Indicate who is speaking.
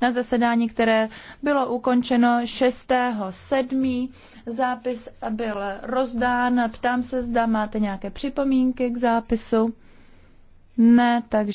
Speaker 1: na zasedání, které bylo ukončeno 6.7. Zápis byl rozdán. Ptám se, zda máte nějaké připomínky k zápisu.
Speaker 2: Ne, takže